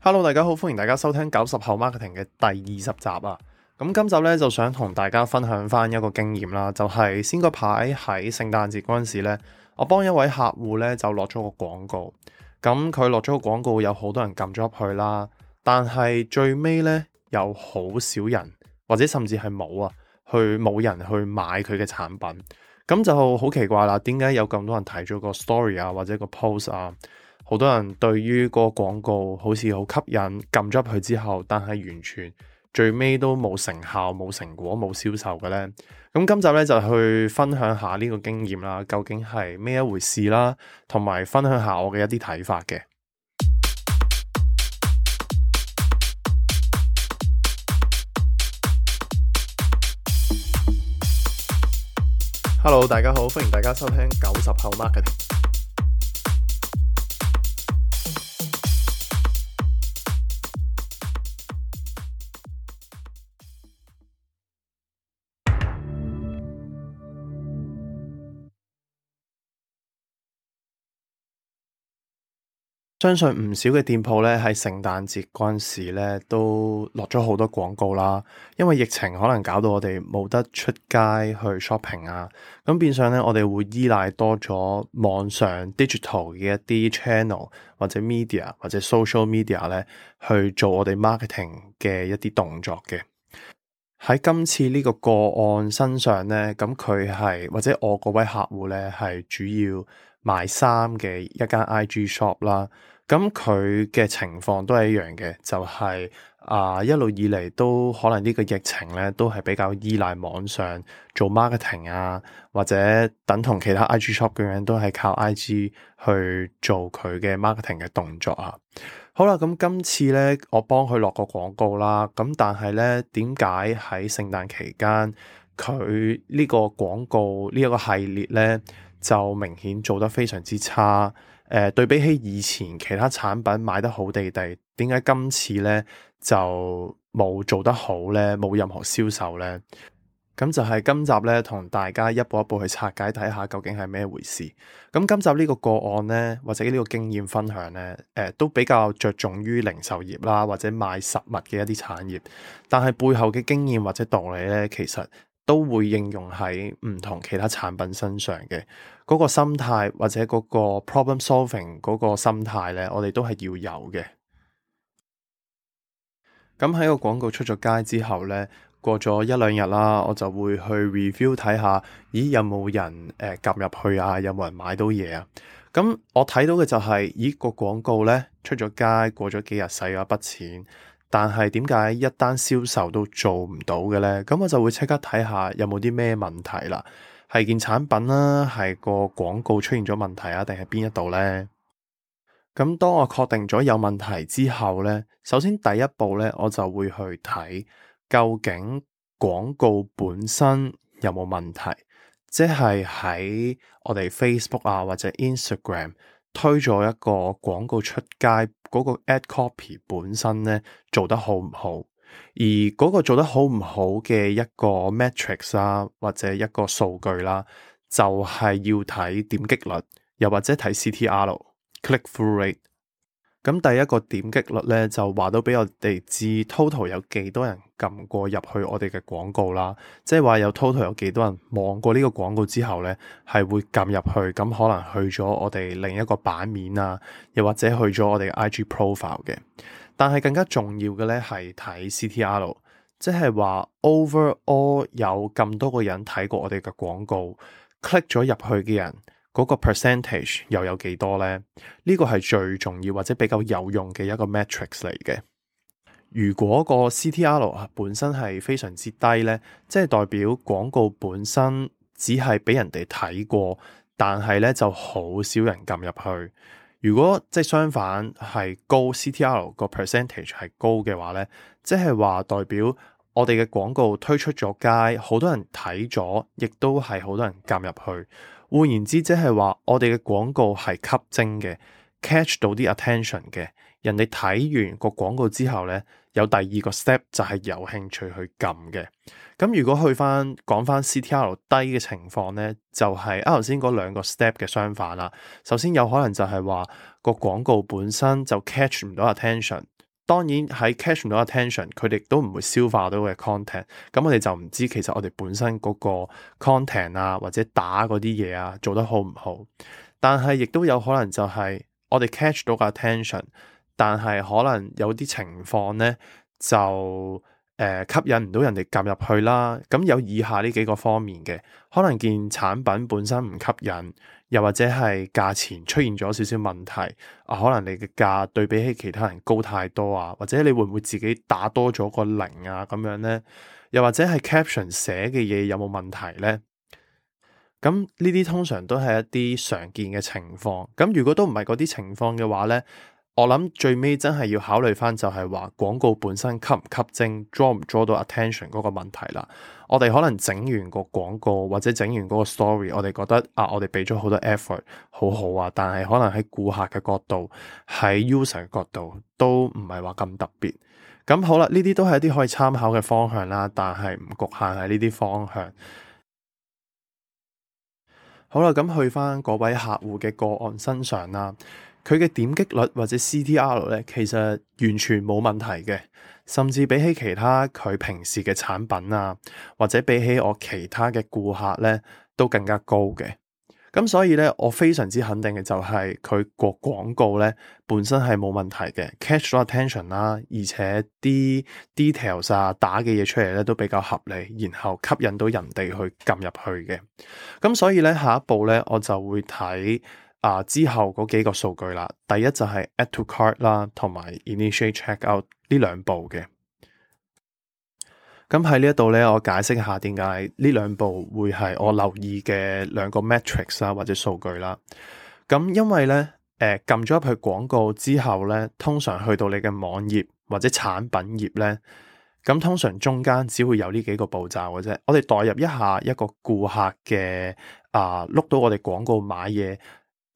Hello，大家好，歡迎大家收聽九十後 marketing 嘅第二十集啊！咁今集咧就想同大家分享翻一個經驗啦，就係先嗰排喺聖誕節嗰陣時咧，我幫一位客戶咧就落咗個廣告，咁佢落咗個廣告有好多人撳咗入去啦，但係最尾咧有好少人或者甚至係冇啊，去冇人去買佢嘅產品，咁就好奇怪啦，點解有咁多人睇咗個 story 啊或者個 post 啊？好多人對於個廣告好似好吸引，撳咗入去之後，但係完全最尾都冇成效、冇成果、冇銷售嘅呢。咁今集呢，就去分享下呢個經驗啦，究竟係咩一回事啦，同埋分享下我嘅一啲睇法嘅。Hello，大家好，歡迎大家收聽九十後 Marketing。相信唔少嘅店鋪咧，喺聖誕節嗰時咧，都落咗好多廣告啦。因為疫情可能搞到我哋冇得出街去 shopping 啊，咁變相咧，我哋會依賴多咗網上 digital 嘅一啲 channel 或者 media 或者 social media 咧，去做我哋 marketing 嘅一啲動作嘅。喺今次呢個個案身上咧，咁佢係或者我嗰位客戶咧，係主要。賣衫嘅一間 IG shop 啦，咁佢嘅情況都係一樣嘅，就係、係、啊一路以嚟都可能呢個疫情咧，都係比較依賴網上做 marketing 啊，或者等同其他 IG shop 咁樣，都係靠 IG 去做佢嘅 marketing 嘅動作啊。好啦，咁今次咧，我幫佢落個廣告啦，咁但係咧，點解喺聖誕期間佢呢個廣告呢一、呢個系列咧？就明顯做得非常之差，誒、呃、對比起以前其他產品賣得好地地，點解今次呢就冇做得好呢？冇任何銷售呢？咁就係今集呢，同大家一步一步去拆解睇下，究竟係咩回事？咁今集呢個個案呢，或者呢個經驗分享呢，誒、呃、都比較着重於零售業啦，或者賣實物嘅一啲產業，但係背後嘅經驗或者道理呢，其實。都會應用喺唔同其他產品身上嘅嗰個心態，或者嗰個 problem solving 嗰個心態咧，我哋都係要有嘅。咁喺個廣告出咗街之後咧，過咗一兩日啦，我就會去 review 睇下，咦有冇人誒撳入去啊？有冇人買到嘢啊？咁我睇到嘅就係，咦個廣告咧出咗街，過咗幾日，使咗一筆錢。但係點解一單銷售都做唔到嘅呢？咁我就會即刻睇下有冇啲咩問題啦。係件產品啦、啊，係個廣告出現咗問題啊，定係邊一度呢？咁當我確定咗有問題之後呢，首先第一步呢，我就會去睇究竟廣告本身有冇問題，即係喺我哋 Facebook 啊或者 Instagram。推咗一個廣告出街，嗰、那個 ad copy 本身咧做得好唔好，而嗰個做得好唔好嘅一個 metrics 啊，或者一個數據啦、啊，就係、是、要睇點擊率，又或者睇 CTR（click through rate）。咁第一個點擊率咧，就話到畀我哋知 total 有幾多人撳過入去我哋嘅廣告啦，即係話有 total 有幾多人望過呢個廣告之後咧，係會撳入去，咁可能去咗我哋另一個版面啊，又或者去咗我哋 IG profile 嘅。但係更加重要嘅咧，係睇 CTR，即係話 overall 有咁多個人睇過我哋嘅廣告，click 咗入去嘅人。嗰個 percentage 又有幾多呢？呢個係最重要或者比較有用嘅一個 metrics 嚟嘅。如果個 CTR 本身係非常之低呢，即係代表廣告本身只係俾人哋睇過，但係呢就好少人撳入去。如果即係相反係高 CTR 個 percentage 係高嘅話呢，即係話代表我哋嘅廣告推出咗街，好多人睇咗，亦都係好多人撳入去。換言之，即係話我哋嘅廣告係吸睛嘅，catch 到啲 attention 嘅。人哋睇完個廣告之後咧，有第二個 step 就係有興趣去撳嘅。咁如果去翻講翻 CTR 低嘅情況咧，就係啱頭先嗰兩個 step 嘅相反啦。首先有可能就係話個廣告本身就 catch 唔到 attention。當然喺 catch 到、no、attention，佢哋都唔會消化到嘅 content，咁我哋就唔知其實我哋本身嗰個 content 啊，或者打嗰啲嘢啊，做得好唔好？但係亦都有可能就係我哋 catch 到、no、個 attention，但係可能有啲情況咧就，吸引唔到人哋夾入去啦，咁有以下呢幾個方面嘅，可能件產品本身唔吸引，又或者係價錢出現咗少少問題，啊，可能你嘅價對比起其他人高太多啊，或者你會唔會自己打多咗個零啊咁樣呢？又或者係 caption 寫嘅嘢有冇問題呢？咁呢啲通常都係一啲常見嘅情況。咁如果都唔係嗰啲情況嘅話呢。我諗最尾真係要考慮翻，就係話廣告本身吸唔吸睛，draw 唔 draw 到 attention 嗰個問題啦。我哋可能整完個廣告或者整完嗰個 story，我哋覺得啊，我哋俾咗好多 effort，好好啊，但係可能喺顧客嘅角度，喺 user 嘅角度都唔係話咁特別。咁好啦，呢啲都係一啲可以參考嘅方向啦，但係唔局限喺呢啲方向。好啦，咁去翻嗰位客戶嘅個案身上啦。佢嘅點擊率或者 CTR 咧，其實完全冇問題嘅，甚至比起其他佢平時嘅產品啊，或者比起我其他嘅顧客咧，都更加高嘅。咁所以咧，我非常之肯定嘅就係佢個廣告咧本身係冇問題嘅，catch 到 attention 啦、啊，而且啲 details 啊打嘅嘢出嚟咧都比較合理，然後吸引到人哋去撳入去嘅。咁所以咧，下一步咧，我就會睇。啊！之後嗰幾個數據啦，第一就係 add to cart 啦，同埋 initiate checkout 呢兩步嘅。咁喺呢一度咧，我解釋下點解呢兩步會係我留意嘅兩個 metrics 啊或者數據啦。咁因為咧，誒撳咗入去廣告之後咧，通常去到你嘅網頁或者產品頁咧，咁通常中間只會有呢幾個步驟嘅啫。我哋代入一下一個顧客嘅啊，碌到我哋廣告買嘢。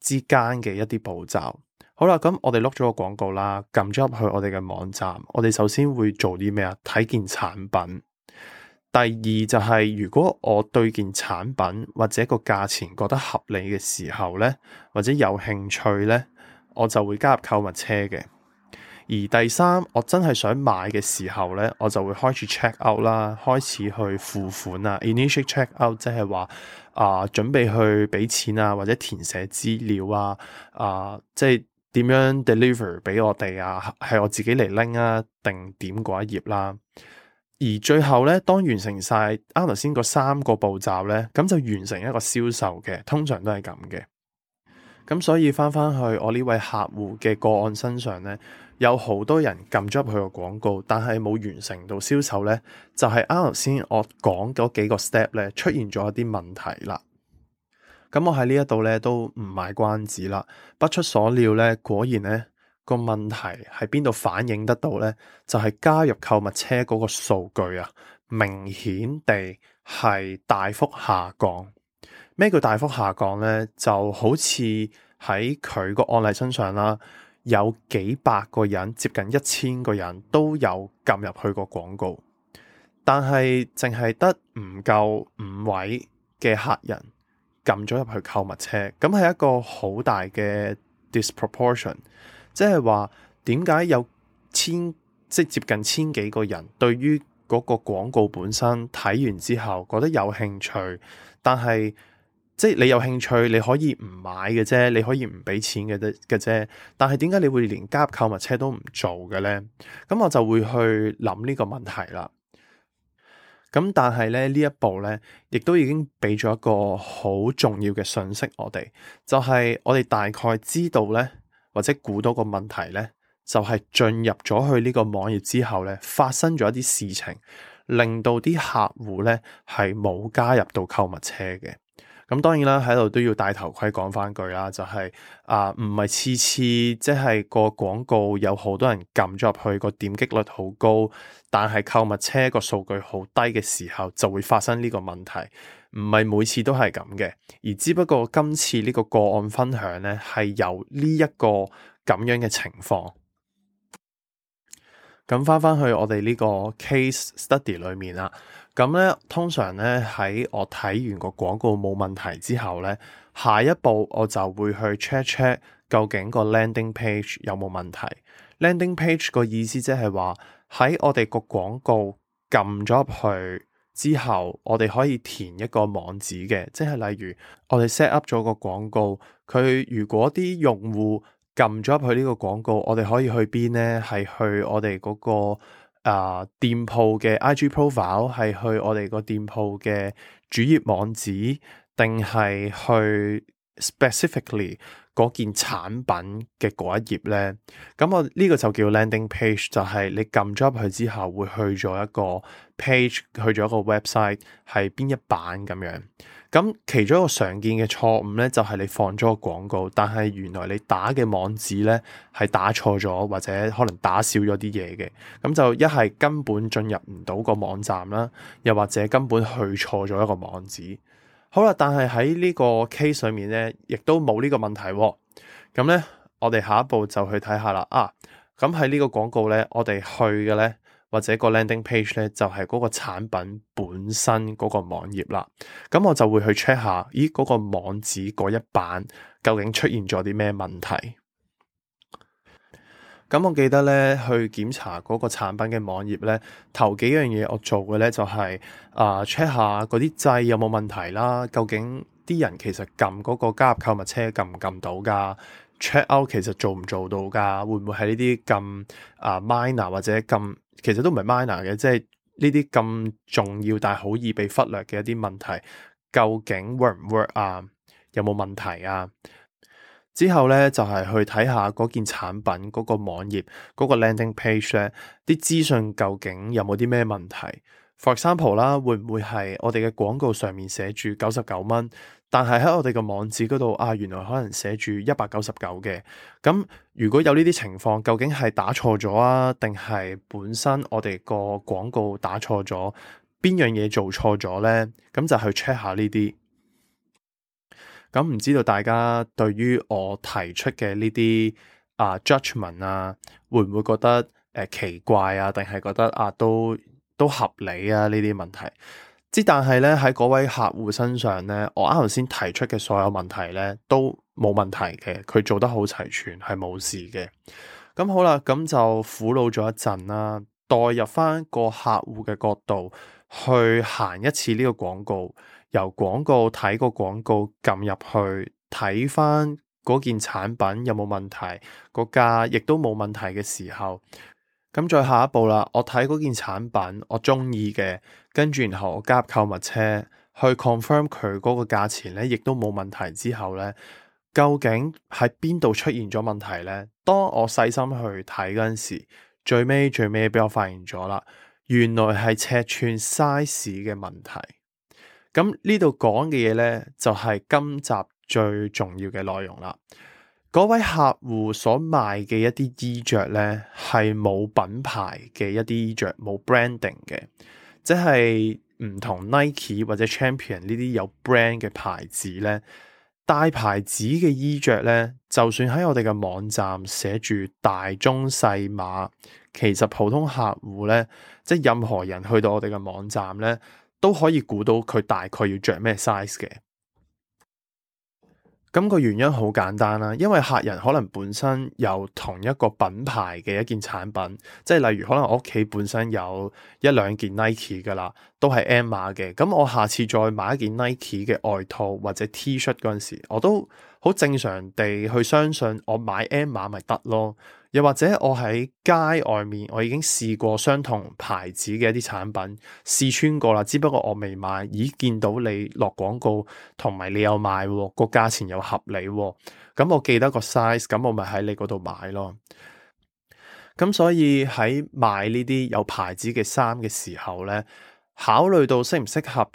之間嘅一啲步驟，好啦，咁我哋碌咗個廣告啦，撳咗入去我哋嘅網站，我哋首先會做啲咩啊？睇件產品，第二就係、是、如果我對件產品或者個價錢覺得合理嘅時候呢，或者有興趣呢，我就會加入購物車嘅。而第三，我真係想買嘅時候呢，我就會開始 check out 啦，開始去付款啊，initial check out 即係話啊，準備去俾錢啊，或者填寫資料啊，呃、啊，即係點樣 deliver 俾我哋啊，係我自己嚟拎啊，定點嗰一頁啦、啊。而最後呢，當完成晒，啱頭先嗰三個步驟呢，咁就完成一個銷售嘅，通常都係咁嘅。咁所以翻翻去我呢位客戶嘅個案身上呢。有好多人撳咗入去個廣告，但係冇完成到銷售呢。就係啱頭先我講嗰幾個 step 咧出現咗一啲問題啦。咁我喺呢一度咧都唔賣關子啦。不出所料呢，果然呢個問題喺邊度反映得到呢？就係加入購物車嗰個數據啊，明顯地係大幅下降。咩叫大幅下降呢？就好似喺佢個案例身上啦。有幾百個人，接近一千個人都有撳入去個廣告，但係淨係得唔夠五位嘅客人撳咗入去購物車，咁係一個好大嘅 disproportion，即係話點解有千即係接近千幾個人對於嗰個廣告本身睇完之後覺得有興趣，但係。即係你有興趣，你可以唔買嘅啫，你可以唔俾錢嘅啫嘅啫。但係點解你會連加入購物車都唔做嘅咧？咁我就會去諗呢個問題啦。咁但係咧呢一步咧，亦都已經俾咗一個好重要嘅信息我哋，就係、是、我哋大概知道咧，或者估到個問題咧，就係、是、進入咗去呢個網頁之後咧，發生咗一啲事情，令到啲客戶咧係冇加入到購物車嘅。咁當然啦，喺度都要戴頭盔講翻句啦，就係啊，唔係次次即係個廣告有好多人撳咗入去，個點擊率好高，但係購物車個數據好低嘅時候就會發生呢個問題，唔係每次都係咁嘅，而只不過今次呢個個案分享呢係由呢一個咁樣嘅情況。咁翻翻去我哋呢個 case study 裏面啦。咁咧，通常咧喺我睇完個廣告冇問題之後咧，下一步我就會去 check check 究竟個 landing page 有冇問題。landing page 個意思即係話，喺我哋個廣告撳咗入去之後，我哋可以填一個網址嘅，即係例如我哋 set up 咗個廣告，佢如果啲用戶撳咗入去呢個廣告，我哋可以去邊咧？係去我哋嗰個。啊！Uh, 店鋪嘅 IG profile 係去我哋個店鋪嘅主頁網址，定係去 specifically 嗰件產品嘅嗰一頁咧？咁我呢個就叫 landing page，就係你撳咗入去之後會去咗一個 page，去咗一個 website 係邊一版咁樣。咁其中一個常見嘅錯誤咧，就係你放咗個廣告，但係原來你打嘅網址咧係打錯咗，或者可能打少咗啲嘢嘅，咁就一係根本進入唔到個網站啦，又或者根本去錯咗一個網址。好啦，但係喺呢個 case 上面咧，亦都冇呢個問題喎。咁咧，我哋下一步就去睇下啦。啊，咁喺呢個廣告咧，我哋去嘅咧。或者個 landing page 咧，就係、是、嗰個產品本身嗰個網頁啦。咁我就會去 check 下，咦嗰、那個網址嗰一版究竟出現咗啲咩問題？咁我記得咧，去檢查嗰個產品嘅網頁咧，頭幾樣嘢我做嘅咧就係啊 check 下嗰啲掣有冇問題啦，究竟啲人其實撳嗰個加入購物車撳唔撳到噶？Check out 其實做唔做到㗎？會唔會係呢啲咁啊、呃、minor 或者咁其實都唔係 minor 嘅，即係呢啲咁重要但係好易被忽略嘅一啲問題，究竟 work 唔 work 啊？有冇問題啊？之後咧就係、係、去睇下嗰件產品嗰、嗰個網頁嗰、嗰個 landing page 啲資訊究竟有冇啲咩問題？For example 啦，會唔會係我哋嘅廣告上面寫住九十九蚊？但係喺我哋個網址嗰度啊，原來可能寫住一百九十九嘅。咁如果有呢啲情況，究竟係打錯咗啊，定係本身我哋個廣告打錯咗？邊樣嘢做錯咗呢？咁就去 check 下呢啲。咁唔知道大家對於我提出嘅呢啲啊 judgment 啊，會唔會覺得誒、啊、奇怪啊？定係覺得啊都都合理啊？呢啲問題。之但係咧，喺嗰位客戶身上咧，我啱頭先提出嘅所有問題咧都冇問題嘅，佢做得好齊全，係冇事嘅。咁好啦，咁就苦惱咗一陣啦，代入翻個客戶嘅角度去行一次呢個廣告，由廣告睇個廣告，撳入去睇翻嗰件產品有冇問題，個價亦都冇問題嘅時候，咁再下一步啦，我睇嗰件產品我中意嘅。跟住然後我加入購物車去 confirm 佢嗰個價錢咧，亦都冇問題之後咧，究竟喺邊度出現咗問題咧？當我細心去睇嗰陣時，最尾最尾俾我發現咗啦，原來係尺寸 size 嘅問題。咁呢度講嘅嘢咧，就係今集最重要嘅內容啦。嗰位客戶所賣嘅一啲衣着咧，係冇品牌嘅一啲衣着，冇 branding 嘅。即係唔同 Nike 或者 Champion 呢啲有 brand 嘅牌子咧，大牌子嘅衣着咧，就算喺我哋嘅網站寫住大、中、細碼，其實普通客戶咧，即係任何人去到我哋嘅網站咧，都可以估到佢大概要着咩 size 嘅。咁個原因好簡單啦，因為客人可能本身有同一個品牌嘅一件產品，即係例如可能我屋企本身有一兩件 Nike 㗎啦，都係 M 碼嘅。咁我下次再買一件 Nike 嘅外套或者 T-shirt 嗰陣時，我都好正常地去相信我買 M 碼咪得咯。又或者我喺街外面，我已經試過相同牌子嘅一啲產品試穿過啦，只不過我未買，已見到你落廣告，同埋你又買，個、哦、價錢又合理，咁、哦嗯、我記得個 size，咁、嗯、我咪喺你嗰度買咯。咁、嗯、所以喺買呢啲有牌子嘅衫嘅時候呢，考慮到適唔適合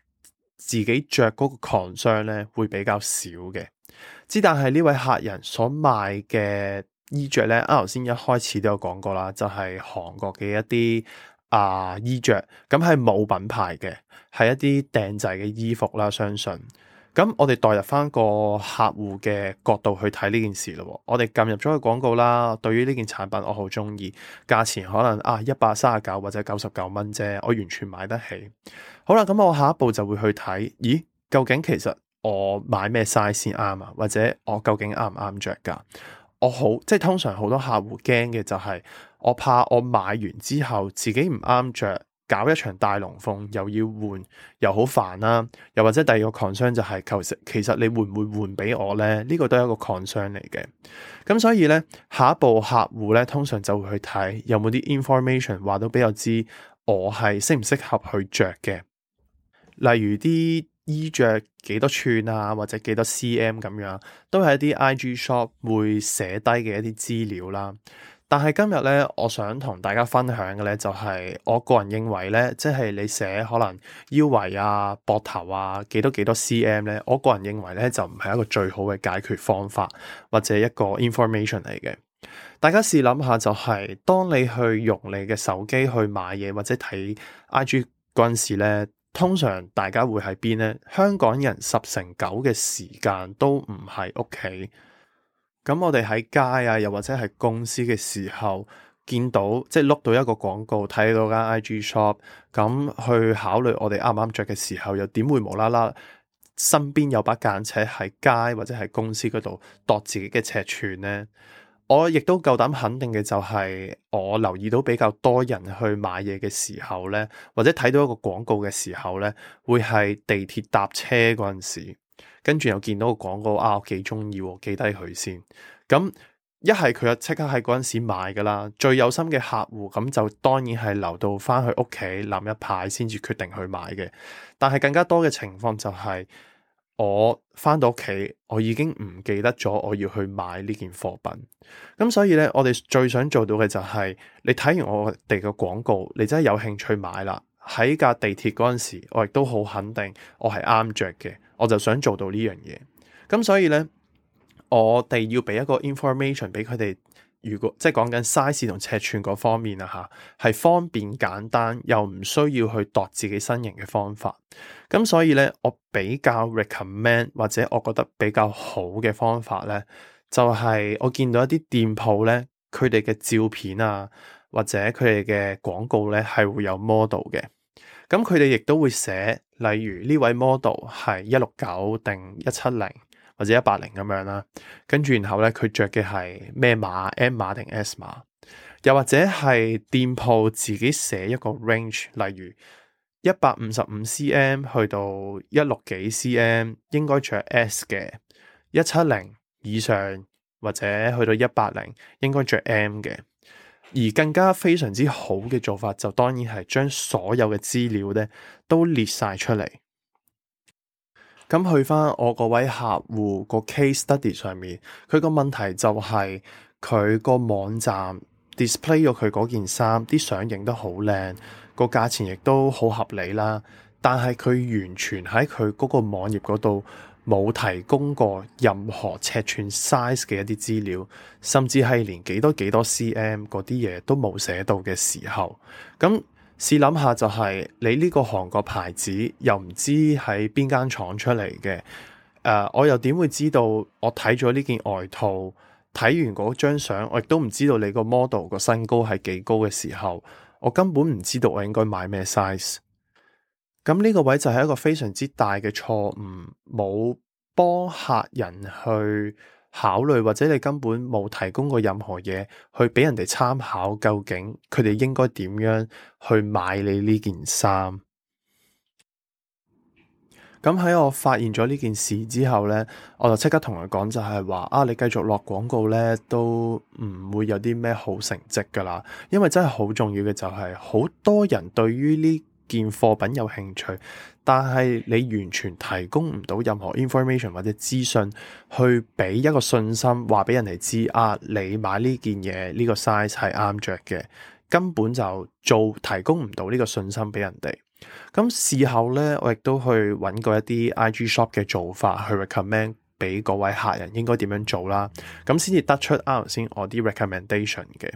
自己着嗰個 concern 呢，會比較少嘅。之但係呢位客人所買嘅。衣着咧，啱頭先一開始都有講過啦，就係、是、韓國嘅一啲啊、呃、衣着。咁係冇品牌嘅，係一啲訂製嘅衣服啦。相信，咁、嗯、我哋代入翻個客戶嘅角度去睇呢件事咯。我哋進入咗個廣告啦，對於呢件產品我好中意，價錢可能啊一百三十九或者九十九蚊啫，我完全買得起。好啦，咁、嗯、我下一步就會去睇，咦，究竟其實我買咩 size 先啱啊？或者我究竟啱唔啱着噶我好，即係通常好多客戶驚嘅就係，我怕我買完之後自己唔啱着，搞一場大龍鳳又要換，又好煩啦。又或者第二個 concern 就係，求其，其實你會唔會換俾我咧？呢個都係一個 concern 嚟嘅。咁所以咧，下一步客戶咧通常就會去睇有冇啲 information 話到俾我知我係適唔適合去着嘅，例如啲。衣着幾多寸啊，或者幾多 CM 咁樣，都係一啲 IG shop 會寫低嘅一啲資料啦。但係今日咧，我想同大家分享嘅咧，就係、是、我個人認為咧，即係你寫可能腰圍啊、膊頭啊、幾多幾多 CM 咧，我個人認為咧，就唔係一個最好嘅解決方法或者一個 information 嚟嘅。大家試諗下、就是，就係當你去用你嘅手機去買嘢或者睇 IG 嗰陣時咧。通常大家會喺邊呢？香港人十成九嘅時間都唔喺屋企，咁我哋喺街啊，又或者係公司嘅時候，見到即係碌到一個廣告，睇到間 IG shop，咁去考慮我哋啱唔啱着嘅時候，又點會無啦啦身邊有把間尺喺街或者喺公司嗰度度自己嘅尺寸呢？我亦都夠膽肯定嘅就係，我留意到比較多人去買嘢嘅時候呢，或者睇到一個廣告嘅時候呢，會係地鐵搭車嗰陣時，跟住又見到個廣告，啊，我幾中意，記低佢先。咁一係佢就，即刻喺嗰陣時買噶啦。最有心嘅客戶，咁就當然係留到返去屋企諗一排先至決定去買嘅。但係更加多嘅情況就係。我返到屋企，我已經唔記得咗我要去買呢件貨品。咁所以咧，我哋最想做到嘅就係，你睇完我哋嘅廣告，你真係有興趣買啦。喺架地鐵嗰陣時，我亦都好肯定我係啱着嘅，我就想做到呢樣嘢。咁所以咧。我哋要俾一個 information 俾佢哋，如果即係講緊 size 同尺寸嗰方面啊吓，係方便簡單又唔需要去度自己身形嘅方法。咁所以咧，我比較 recommend 或者我覺得比較好嘅方法咧，就係、是、我見到一啲店鋪咧，佢哋嘅照片啊或者佢哋嘅廣告咧係會有 model 嘅。咁佢哋亦都會寫，例如呢位 model 係一六九定一七零。或者一八零咁樣啦，跟住然後咧，佢着嘅係咩碼 M 碼定 S 碼，又或者係店鋪自己寫一個 range，例如一百五十五 cm 去到一六幾 cm 應該着 S 嘅，一七零以上或者去到一八零應該着 M 嘅，而更加非常之好嘅做法就當然係將所有嘅資料咧都列晒出嚟。咁去翻我嗰位客戶個 case study 上面，佢個問題就係佢個網站 display 咗佢嗰件衫，啲相影得好靚，個價錢亦都好合理啦。但係佢完全喺佢嗰個網頁嗰度冇提供過任何尺寸 size 嘅一啲資料，甚至係連幾多幾多 cm 嗰啲嘢都冇寫到嘅時候，咁。試諗下就係你呢個韓國牌子又唔知喺邊間廠出嚟嘅，誒、呃，我又點會知道？我睇咗呢件外套，睇完嗰張相，我亦都唔知道你個 model 個身高係幾高嘅時候，我根本唔知道我應該買咩 size。咁呢個位就係一個非常之大嘅錯誤，冇幫客人去。考慮或者你根本冇提供過任何嘢，去俾人哋參考，究竟佢哋應該點樣去買你呢件衫？咁喺我發現咗呢件事之後呢，我就即刻同佢講，就係話啊，你繼續落廣告呢，都唔會有啲咩好成績噶啦，因為真係好重要嘅就係好多人對於呢。件貨品有興趣，但係你完全提供唔到任何 information 或者資訊去俾一個信心，話俾人哋知啊，你買呢件嘢呢個 size 係啱着嘅，根本就做提供唔到呢個信心俾人哋。咁事後呢，我亦都去揾過一啲 IG shop 嘅做法去 recommend 俾嗰位客人應該點樣做啦，咁先至得出啱頭先我啲 recommendation 嘅。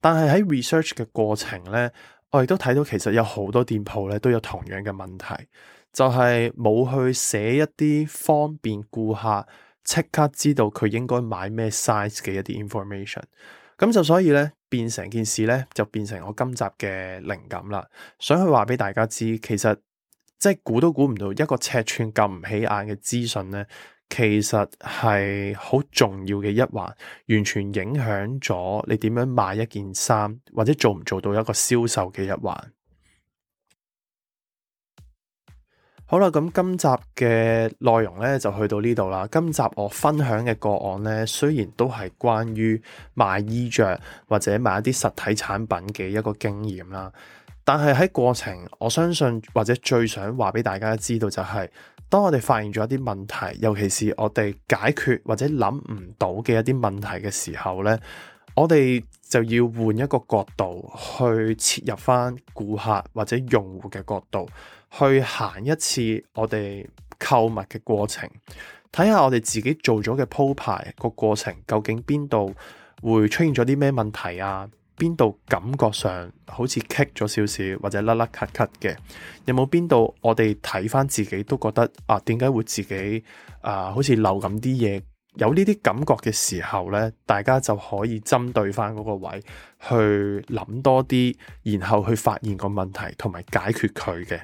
但係喺 research 嘅過程呢。我亦都睇到，其實有好多店鋪咧都有同樣嘅問題，就係冇去寫一啲方便顧客即刻知道佢應該買咩 size 嘅一啲 information。咁就所以咧，變成件事咧，就變成我今集嘅靈感啦。想去話俾大家知，其實即係估都估唔到一個尺寸咁唔起眼嘅資訊咧。其實係好重要嘅一環，完全影響咗你點樣賣一件衫，或者做唔做到一個銷售嘅一環。好啦，咁今集嘅內容呢，就去到呢度啦。今集我分享嘅個案呢，雖然都係關於賣衣着或者賣一啲實體產品嘅一個經驗啦，但係喺過程，我相信或者最想話俾大家知道就係、是。當我哋發現咗一啲問題，尤其是我哋解決或者諗唔到嘅一啲問題嘅時候呢，我哋就要換一個角度去切入翻顧客或者用戶嘅角度，去行一次我哋購物嘅過程，睇下我哋自己做咗嘅鋪排個過程究竟邊度會出現咗啲咩問題啊？邊度感覺上好似棘咗少少，或者甩甩咳咳嘅，有冇邊度我哋睇翻自己都覺得啊？點解會自己啊？好似漏咁啲嘢，有呢啲感覺嘅時候呢，大家就可以針對翻嗰個位去諗多啲，然後去發現個問題同埋解決佢嘅。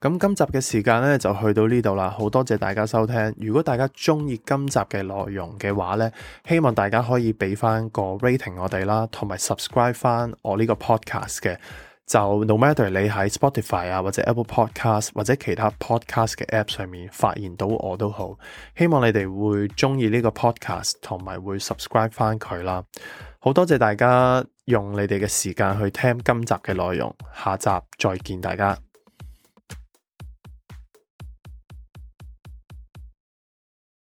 咁今集嘅時間咧就去到呢度啦，好多謝大家收聽。如果大家中意今集嘅內容嘅話咧，希望大家可以俾翻個 rating 我哋啦，同埋 subscribe 翻我呢個 podcast 嘅。就 no matter 你喺 Spotify 啊，或者 Apple Podcast 或者其他 podcast 嘅 app 上面發現到我都好，希望你哋會中意呢個 podcast，同埋會 subscribe 翻佢啦。好多謝大家用你哋嘅時間去聽今集嘅內容，下集再見大家。